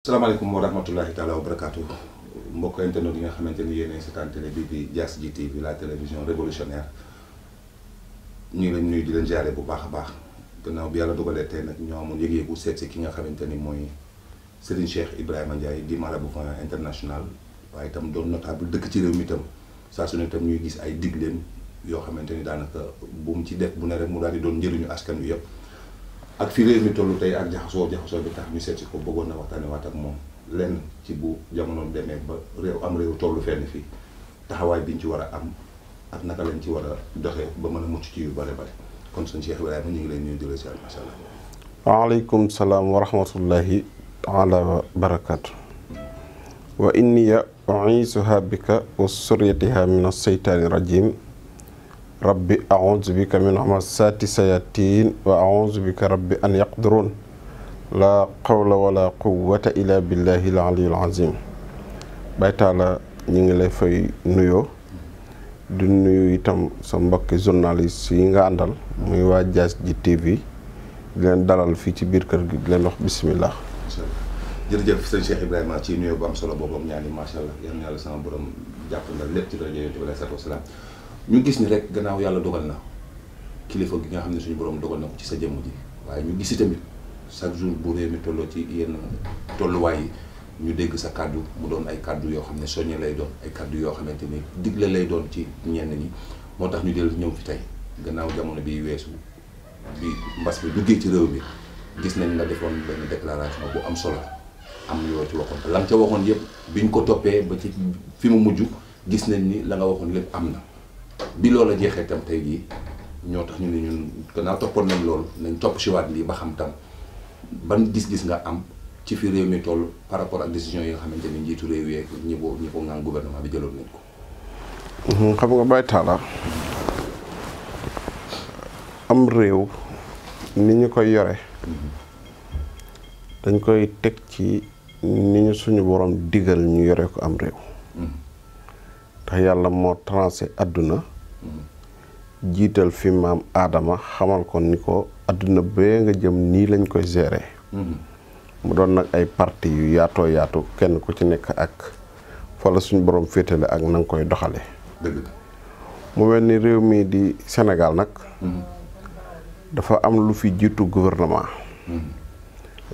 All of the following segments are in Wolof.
Assalamualaikum warahmatullahi taala wabarakatuh. Mbok internet yi nga xamanteni yene yéenay seetaan télé bi Jazz GTV G TV la télévision révolutionnaire ñu lañ di lañ bu baax bah. baax gannaaw bi Yalla dogalee té nak ñoo amoon yëg-yëgu seet si ki nga xamanteni moy Serigne Cheikh Ibrahima Ndiaye di marabout international waye tam doon notable dëkk ci réew mi tam. Sa suñu tam ñuy gis ay digleem yo xamanteni ni daanaka bu mu ci def bu né rek mu doon askan yu yépp. ak fi réew mi tollu tey ak jaxasoo jaxasoo bi tax ñu seet ko bëggoon na waxtaane waat ak moom lenn ci bu jamono demee ba réew am réew tollu fenn fii taxawaay biñ ci war a am ak naka lañ ci war a doxee ba mën a mucc ci yu bare bare kon suñ Cheikh Ibrahima ñu ngi leen ñuy jëlee si macha allah. waaleykum salaam wa rahmatullahi taala wa barakaatu. wa inni u'iisuha bika ربي أعوذ بك من همسات الشياطين وأعوذ بك ربي أن يقدرون لا قول ولا قوة إلا بالله العلي العظيم Baye Talla ñu ngi lay fay nuyoo di nuyu itam sa mbokki journaliste yi nga àndal muy waa Dias ji TV di leen dalal fii ci biir kër gi di leen wax bisimilah. jërëjëf sëñ Cheikh Ibrahima ci nuyoo bu am solo boobu am ñaani macha allah yal na yàlla sama borom jàpp na lépp ci rajo yi di leen ñu gis ni rek gannaaw yàlla dogal na kilifa gi nga xam ne suñu borom dogal na ko ci sa jëmm ji waaye ñu gis tamit chaque jour bu réew mi tolloo ci yenn tolluwaay yi ñu dégg sa kàddu mu doon ay kàddu yoo xam ne soññe lay doon ay kàddu yoo xamante ni digle lay doon ci ñenn ñi moo tax ñu dellu ñëw fi tey gannaaw jamono bi weesu bi mbas bi duggee ci réew mi gis nañ nga defoon benn déclaration boo am solo am yoo ci waxoon la nga ca waxoon yëpp biñ ko toppee ba ci fi mu mujj gis nañ ni la nga waxoon lépp am na bi loola jeexee tam tey jii ñoo tax ñu ne ñun gannaaw toppoon nañ loolu nañ topp si waat lii ba xam tam ban gis-gis nga am ci fi réew mi toll par rapport ak décision yi nga xamante ni njiitu réew yeeg ñi ko bi jëloon ko. Mhm, xam nga Baye Talla am réew ni ñu koy yore dañ koy teg ci ni ñu suñu borom digal ñu yore ko am réew. Mhm. ndax yàlla moo trancé àdduna. jiital fi maam aadama xamal ko ni ko àdduna bee nga jëm nii lañ koy gérer. Mhm. mu doon nag ay parti yu yaatoo yaatu kenn ku ci nekk ak fa suñu boroom borom féetale ak na koy doxale mu mel ni réew mi di senegal nag mhm. dafa am lu fi jiitu gouvernement mhm.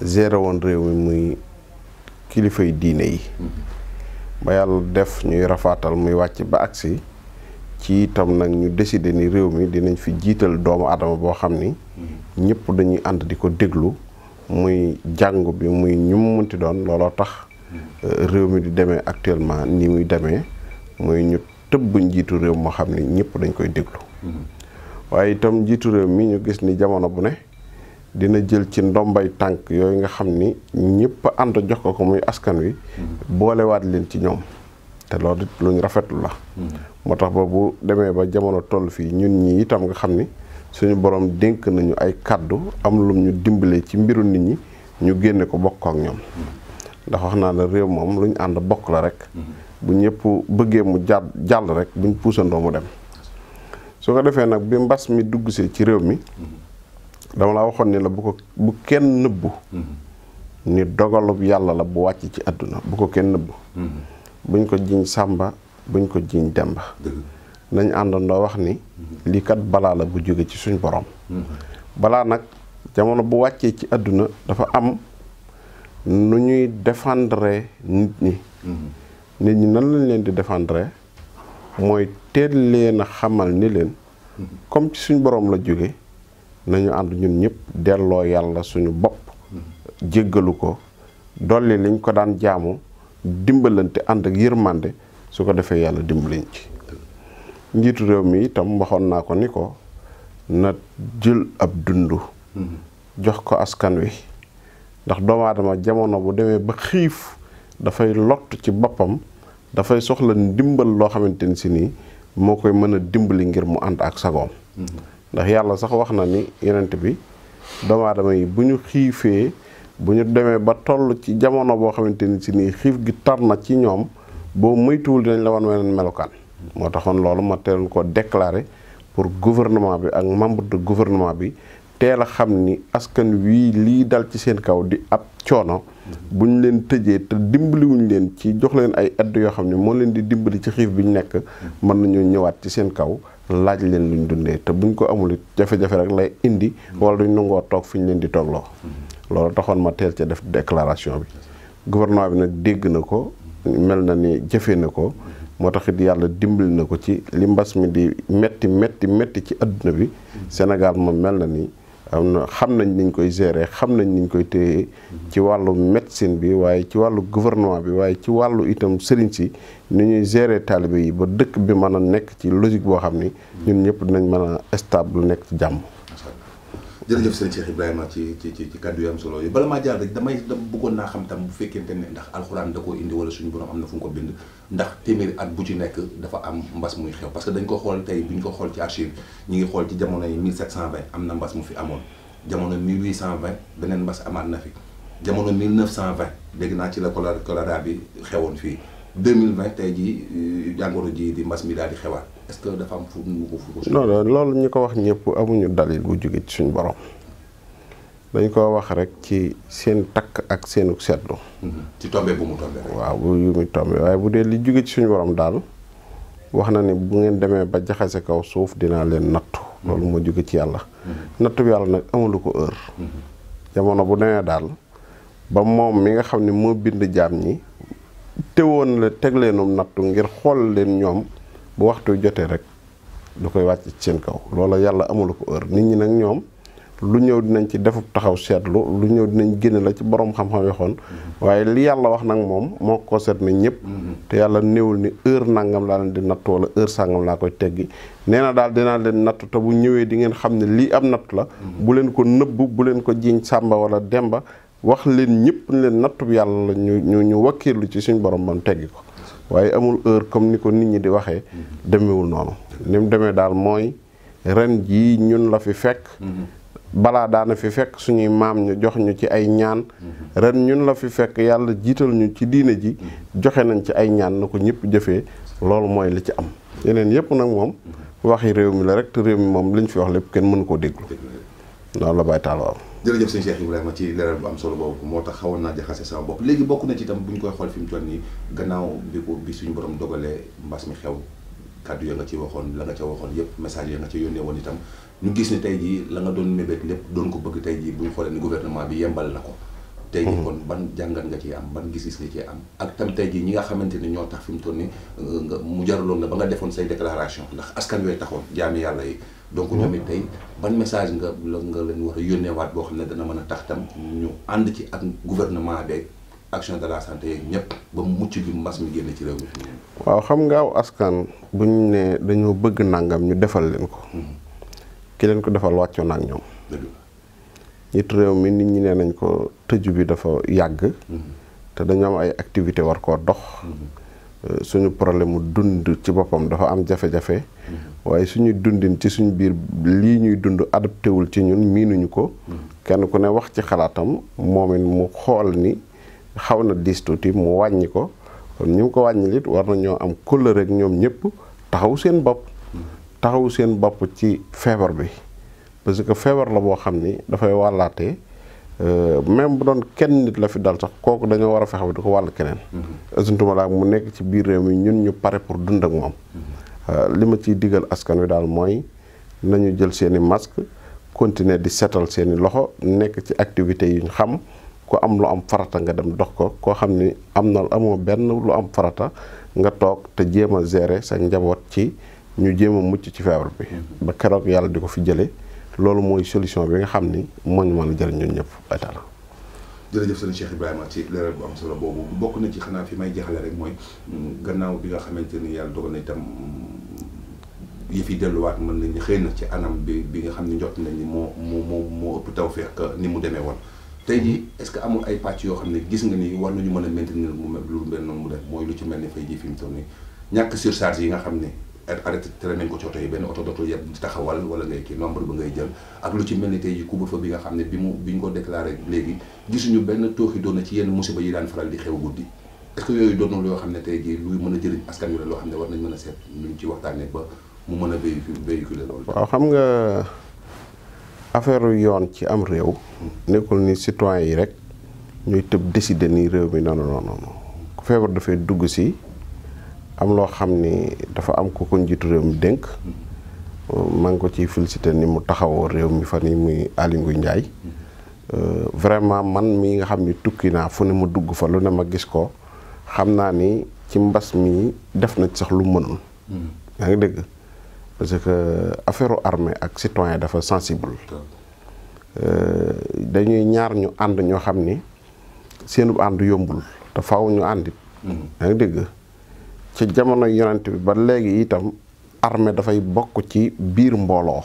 gérer woon réew mi muy kilifay diine yi ba yàlla def ñuy rafaatal muy wàcc ba agsi ci itam nag ñu décider ni réew mi dinañ fi jiital doomu aadama boo xam ni ñëpp dañuy ànd di ko déglu muy jàngu bi muy ñu munti doon looloo tax euh, réew mi di demee actuellement ni muy demee muy ñu tëbb njiitu réew moo xam ni ñëpp dañ koy déglu waaye itam njiitu réew mi ñu gis ni jamono bu ne dina jël ci ndombay tànk yooyu nga xam ni ñëpp ànd jox ko ko muy askan wi boolewaat leen ci ñoom te loolu luñ rafetlu la. moo tax ba bu demee ba jamono toll fii ñun ñi itam nga xam ni suñu boroom dénk nañu ay kàddu am lu ñu dimbale ci mbiru nit ñi ñu génne ko bokk ak ñoom. ndax wax naa ne réew moom lu ñu ànd bokk la rek. bu ñépp bëggee mu jàll jàll rek buñ puusandoo mu dem. su ko defee nag bi mbas mi dugg see ci réew mi. dama la waxoon ni la bu ko bu kenn nëbbu. ni dogalub yàlla la bu wàcc ci àdduna bu ko kenn nëbbu. buñ ko jiñ sàmba buñ ko jiñ demba nañ àndandoo wax ni mm-hmm. liikat balaa la bu jóge ci suñu borom mm-hmm. balaa nag jamono bu wàccee ci àdduna dafa am nu ñuy défendre nit ñi mm-hmm. nit ñi nan lañ leen di défendre mooy teel leen a xamal ni leen comme ci suñ borom la jóge nañu ànd ñun ñëpp delloo yàlla suñu bopp jéggalu ko dolli liñ ko daan jaamu dimbalante ànd ak yërmande su ko defee yàlla dimbaliñ ci njiitu réew mi itam waxoon naa ko ni ko na jël ab dund mm-hmm. jox ko askan wi ndax doomu jamono bu demee ba xiif dafay lott ci boppam dafay soxla ndimbal loo xamante ni si nii moo koy mën a dimbali ngir mu ànd ak sagoom mm-hmm. ndax yàlla sax wax na ni yonent bi doomu yi bu ñu xiifee bu ñu demee ba toll ci jamono boo xamante ni si nii xiif gi tar na ci ñoom boo moytuwul dinañ la wan weneen melokaan moo tax taxoon loolu ma teeloon ko déclaré pour gouvernement bi ak membre gouvernement bi teel a xam ni askan wii lii dal ci seen kaw di ab coono bu ñu leen tëjee te dimbaliwuñ leen ci jox leen ay aide yoo xam ne moo leen di dimbali ci xiif bi ñu nekk mën nañu ñëwaat ci seen kaw laaj leen luñ dundee te buñ ko amul it jafe-jafe rek lay indi wala duñ nangoo toog fi ñu leen di toogloo loolu taxoon ma teel ca def déclaration bi gouvernement bi nag dégg na ko mel na ni jëfee na ko moo tax it yàlla dimbali na ko ci li mbas mi di metti metti metti ci àdduna bi Sénégal moom mel na ni am na xam nañ niñ koy gérer xam nañ niñ koy téye ci wàllu médecine bi waaye ci wàllu gouvernement bi waaye ci wàllu itam sëriñ si ni ñuy gérer taalibe yi ba dëkk bi mën a nekk ci logique boo xam ni ñun ñëpp dinañ mën a stable nekk ci jàmm jërëjëf seen Cheikh Ibrahima ci ci ci kàddu yu am solo yi bala maa jaar rek damay bëggoon naa xam tam bu fekkente ne ndax alxuraan da koo indi wala suñu borom am na fu mu ko bind ndax téeméeri at bu ci nekk dafa am mbas muy xew parce que dañ ko xool tey bu ñu ko xool ci archive ñu ngi xool ci jamono yi 1720 am na mbas mu fi amoon jamono 1820 beneen mbas amaat na fi jamono 1920 dégg naa ci la choléra choléra bi xewoon fii 2020 tey jii euh, jàngoro ji di mbas mi daal di xewaat est que dafa loolu ñu ko wax ñépp amuñu dalil bu jóge ci suñu borom dañ ko wax rek ci seen takk ak seenu seetlu. Mhm. ci tombé waaw bu yu muy waaye bu dee li jóge ci suñu borom daal wax na ni bu ngeen demee ba jaxase kaw suuf dinaa leen nattu. Mhm. loolu moo jóge ci yàlla. Mhm. nattu bi yàlla nag amulu ko heure. jamono bu demee daal ba moom mi nga xam ni moo bind jaam ñi teewoon la teg leenu um nattu ngir xool leen ñoom. bu waxtu jotee rek du koy wàcc ci seen kaw loola yàlla amul ko heure nit ñi nag ñoom lu ñëw dinañ ci defub taxaw seetlu lu ñëw dinañ génne la ci borom xam-xam waxoon waaye li yàlla wax nag moom moo ko seet nañ ñëpp te yàlla néewul ni heure nangam laa leen di natt wala heure sàngam laa koy teggi nee na daal dinaa leen natt te bu ñëwee di ngeen xam ne lii am natt la bu leen ko nëbb bu leen ko jiiñ sàmba wala demba wax leen ñëpp leen nattub yàlla la ñu ñu ñu wakkiirlu ci suñ borom bam teggi waaye amul heure comme ni ko nit ñi di waxee demewul noonu ni mu demee daal mooy ren jii ñun la fi fekk balaa daana fi fekk suñuy maam ñu jox ñu ci ay ñaan ren ñun la fi fekk yàlla jiital ñu ci diine ji joxe nañ ci ay ñaan na ko ñëpp jëfee loolu mooy li ci am yeneen yëpp nag moom waxi réew mi la rek te réew mi moom liñ fi wax lépp kenn mënu koo déglu loolu la bay taal waaw jërëjëf sëñ Cheikh Ibrahima ci leeral bu am solo boobu moo tax xawoon naa jaxase sama bopp léegi bokk na ci itam bu ñu koy xool fi mu toll nii gannaaw bi ko bi suñu borom dogalee mbas mi xew kàddu ya nga ci waxoon la nga ca waxoon yépp message ya nga ca yónnee woon itam ñu gis ne tey jii la nga doon mébét lépp doon ko bëgg tey jii bu ñu ni gouvernement bi yembal na ko tey jii hmm. kon ban jàngat nga ci am ban gis-gis nga ci am ak tam tey jii ñi nga xamante ni ñoo tax fi mu toll nii euh, nga mu jaraloon na ba nga defoon say déclaration ndax askan yooyu taxoon jaami yàlla yi donc ñoom it tey ban message nga la nga leen war a yónneewaat boo xam ne dana mën a tax tam ñu ànd ci ak gouvernement beeg action de la santé yeeg ñëpp ba mucc bi mas mi génn ci réew mi waaw xam nga aw askan bu ñu ne dañoo bëgg nangam ñu defal leen ko hmm. ki leen ko defal wàccoon ak ñoom nit rew mi nit ñi nenañ ko tëju bi dafa yagg te dañu am ay activité war ko dox euh, suñu problème dund ci bopam dafa am jafe-jafe waaye suñu dundin ci suñu bir li ñuy dund adapté wul ci ñun nuñu ko kenn ku ne wax ci xalaatam momin mu xol ni xawna distuti mu wàññi kon ñu ko wañ lit war nañu am couleur rek ñom ñepp taxaw seen bop taxaw seen bop ci fièvre bi parce que feebar la boo xam ni dafay wàllaatee euh, même bu doon kenn nit la fi dal sax kooku dañoo war a fexe ba ko wàll keneen. Mm-hmm. asuntuma laa mu nekk ci biir réew mi ñun ñu pare pour dund ak moom. Mm-hmm. Euh, li ma ciy digal askan wi daal mooy nañu jël seeni masque continuer di seetal seeni loxo nekk ci activités yi ñu xam ku am lu am farata nga dem dox ko koo xam ni am na amoo benn lu am farata nga toog te jéem a gérer sa njaboot ci ñu jéem a mucc ci feebar bi. Mm-hmm. ba keroog yàlla di ko fi jëlee. loolu mooy solution bi nga xam ni moo ñu mën a jëriñ ñun ñëpp ay taala jërëjëf sëñ Cheikh Ibrahima ci leeral bu am solo boobu bokk na ci xanaa fi may jeexale rek mooy mm, gannaaw bi nga xamante ni yàlla dogal na itam mm, yëf yi delluwaat mën nañu xëy na ci anam bi bi nga xam ne njot nañ ni moo mu mu mu ëpp tawfeex ni mu demee woon tey jii est-ce amul ay pàcc yoo xam ne gis nga ni war nañu mën a maintenir mu lu mel noonu mooy lu ci mel ni fay ji fi mu toll nii ñàkk surcharge yi nga xam ne arrêté tere nañ ko ci oto yi benn oto dootul yëpp taxawal wala ngay kii nombre ba ngay jël ak lu ci mel ni tey jii couvre-feu bi nga xam ne bi mu bi ñu ko déclaré léegi gisuñu benn tooxi doon na ci yenn musiba yi daan faral di xew guddi est-ce que yooyu doon na loo xam ne tey jii mën a jëriñ askan wi la xam ne war nañ mën a seet nuñ ci ba mu mën a véhicule véhiculer loolu. waaw xam nga affaire yoon ci am réew. Hmm. nekkul ni citoyen yi rek ñooy tëb décider ni réew bi noonu non non ku feebar dafay dugg si. am loo xam ni dafa am ko ko njiitu réew mi dénk maa ngi ko ciy félicité ni mu taxawoo réew mi fa nii muy Aly Ngouille Ndiaye euh, vraiment man mii nga xam ni tukki naa fu ne mu dugg fa lu ne ma gis ko xam naa ni ci mbas mi def na ci sax lu mënul mm-hmm. yaa ngi dégg parce que euh, affaire armée ak citoyen dafa sensible euh, dañuy ñaar ñu ànd ñoo xam ni seenu ànd yombul te àndit mm-hmm. yaa ngi dégg ci jamono yonent bi ba léegi itam armée dafay bokk ci biir mbooloo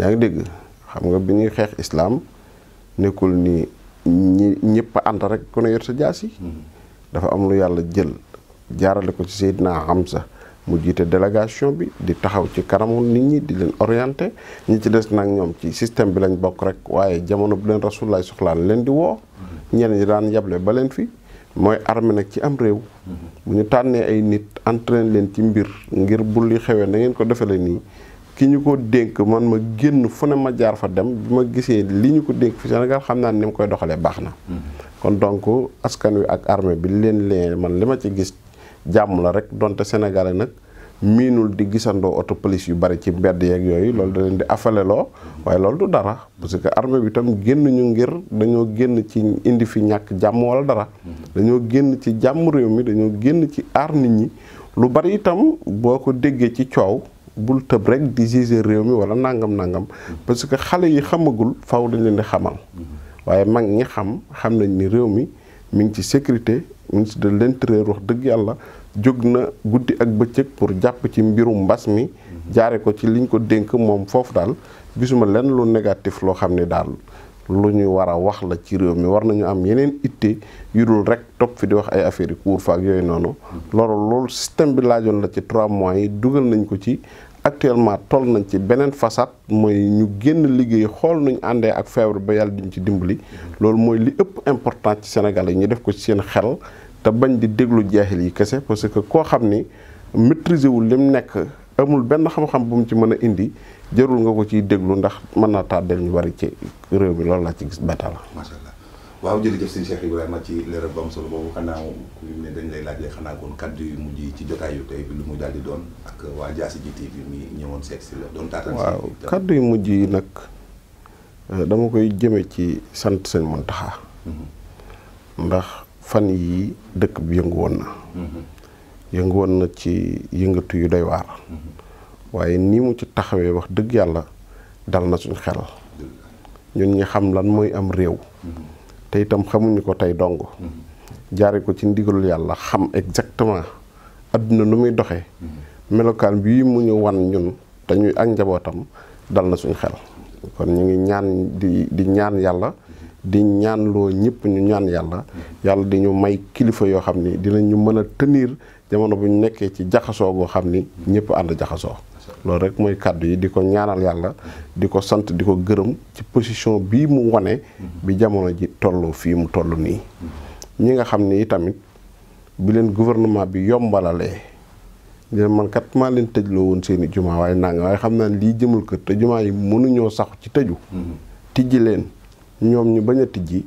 yaa ngi dégg xam nga bi ñuy xeex islaam nekkul ni ñi ñëpp ànd rek ku ne yor sa jaas yi hmm. dafa am lu yàlla jël jaarale ko ci Seydina sa mu jiite délégation bi di taxaw ci kanamu nit ñi di leen orienté ñi ci des nag ñoom ci système bi lañ bokk rek waaye jamono bu leen rasulaay soxlaan leen di woo hmm. ñenn ñi daan yable ba leen fi mooy armée nag ci am réew bu ñu tànnee ay nit entraîne leen ci mbir ngir bu li xewee na ngeen ko defale nii ki ñu ko dénk man ma génn fu ne ma jaar fa dem bi ma gisee li ñu ko dénk fi Sénégal xam naa ni ma koy doxalee baax na kon donc askan wi ak armée bi leen leen man li ma ci gis jàmm la rek donte sénégalais nag miinul di gisandoo oto police yu bari ci mbedd yeeg yooyu loolu da leen di affaleloo waaye loolu du dara parce que armée bi tam génn ñu ngir dañoo génn ci indi fi ñàkk jàmm wala dara dañoo génn ci jàmm réew mi dañoo génn ci aar nit ñi lu bari itam boo ko déggee ci coow bul tëb rek di juger réew mi wala nangam nangam parce que xale yi xamagul faw dañ leen di xamal waaye mag ñi xam xam nañ ni réew mi mi ngi ci sécurité ministre de l'intérieur wax dëgg yàlla jóg na guddi ak bëccëg pour jàpp ci mbirum mbas mi jaare ko ci liñ ko dénk moom foofu daal bisuma lenn lu négatif loo xam ne daal lu ñu war a wax la ci réew mi war nañu am yeneen itte yu dul rek topp fi di wax ay affaires yi couvre ak yooyu noonu loolu loolu système bi laajoon la ci trois mois yi dugal nañ ko ci actuellement toll nañ ci beneen façade mooy ñu génn liggéey xool nañu àndee ak feebar ba yàlla diñ ci dimbali loolu mooy li ëpp important ci Sénégal yi ñu def ko ci seen xel te bañ di déglu jaaxil yi kese parce que koo xam ni maîtriser wul lim nekk amul benn xam-xam bu mu ci mën a indi jarul nga ko ciy déglu ndax mën naa tàddeel ñu bari ci réew mi loolu laa ci gis bata la. macha waaw jërëjëf sëñ Cheikh ci leeral bu dañ lay laaj xanaa kon kaddu yu mujj ci jotaay lu mu daal di doon waa Diassigui TV bi ñëwoon seet si la doon taataan waaw kaddu yu mujj yi nag eh, dama koy jëme ci sant sëñ Mountakha mm-hmm. ndax. fan yii dëkk bi yëngu woon na yëngu woon na ci yëngatu yu day waar waaye nii mu ci taxawee wax dëgg yàlla dal na suñ xel ñun ñi xam lan mooy am réew te itam xamuñu ko tey dong jaare ko ci ndigalul yàlla xam exactement adduna lu muy doxee melokaan bii mu ñu wan ñun dañuy ak njabootam dal na suñ xel kon ñu ngi ñaan di ñaan yàlla di ñaanloo ñëpp ñu ñaan yàlla yàlla di ñu may kilifa yoo xam ni dinañ ñu mën a tenir jamono bu ñu nekkee ci jaxasoo goo xam ni ñëpp ànd jaxasoo loolu rek mooy kàddu yi di ko ñaanal yàlla di ko sant di ko gërëm ci position bii mu wane bi jamono ji toll fii mu toll nii ñi nga xam ni tamit bi leen gouvernement bi yombalalee dina man kat maa leen tëjloo woon seeni jumaa waaye naa nga waaye xam naa lii jëmul kër te jumaa yi mënuñoo sax ci tëju mm-hmm. tijji leen ñoom ñu bañ a tijji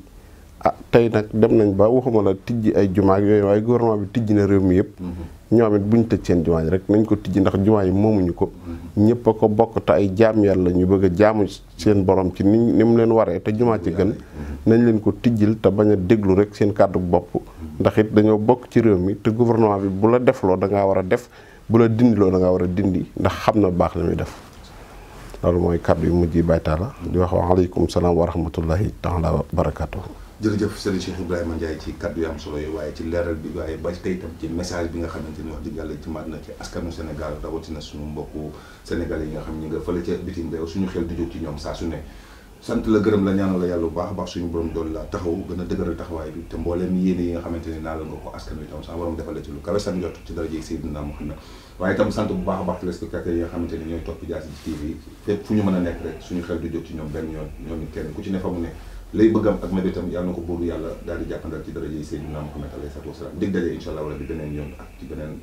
ah tey nag dem nañ ba waxuma la tijji ay jumaa yooyu ay gouvernement bi tijji na réew mi yëpp. Mm-hmm. ñoom it buñ tëj seen jumaa yi rek nañ ko tijji ndax jumaa yi moomuñu ko. Mm-hmm. ñëpp a ko bokk te ay jaam yàlla ñu bëgg a jaamu seen borom ci ni ni mu leen waree te jumaa ci gën. Mm-hmm. nañ leen ko tijjil te bañ a déglu rek seen kàddu bopp. ndax it dañoo bokk ci réew mi te gouvernement bi bu la defloo da ngaa war a def bu la dindiloo da ngaa war a dindi ndax xam na baax la muy def. loolu mooy kàddu yu mujj yi baytaala di wax waaleykum salaam wa rahmatullahi taala wa barakaatu. jërëjëf sëriñ Cheikh Ibrahima Ndiaye ci kaddu yu am solo yi waaye ci leeral bi waaye ba tey bi nga xamante ni wax dëgg yàlla ci maat na ci askanu Sénégal rawatina suñu mbokku Sénégal yi nga xam ñi nga fële ca ñoom saa su ne sant la gërëm bu a baax suñu borom dool a dëgëral taxawaay bi te mbooleem nga xamante ne naa la waaye itam sant bu baax a baax téléspectateurs yi nga xamante ni ñooy topp Diassigui TV fépp fu ñu mën a nekk rek suñu xel du jóg ci ñoom benn yoon ñoom kenn ku ci ne fa mu ne lay bëggam ak mébétam yàlla na ko buur yàlla daal di jàppandal ci daraja yi Seydina Muhammad alayhi salaatu wasalaam dig daje incha allah wala bi beneen yoon ak ci beneen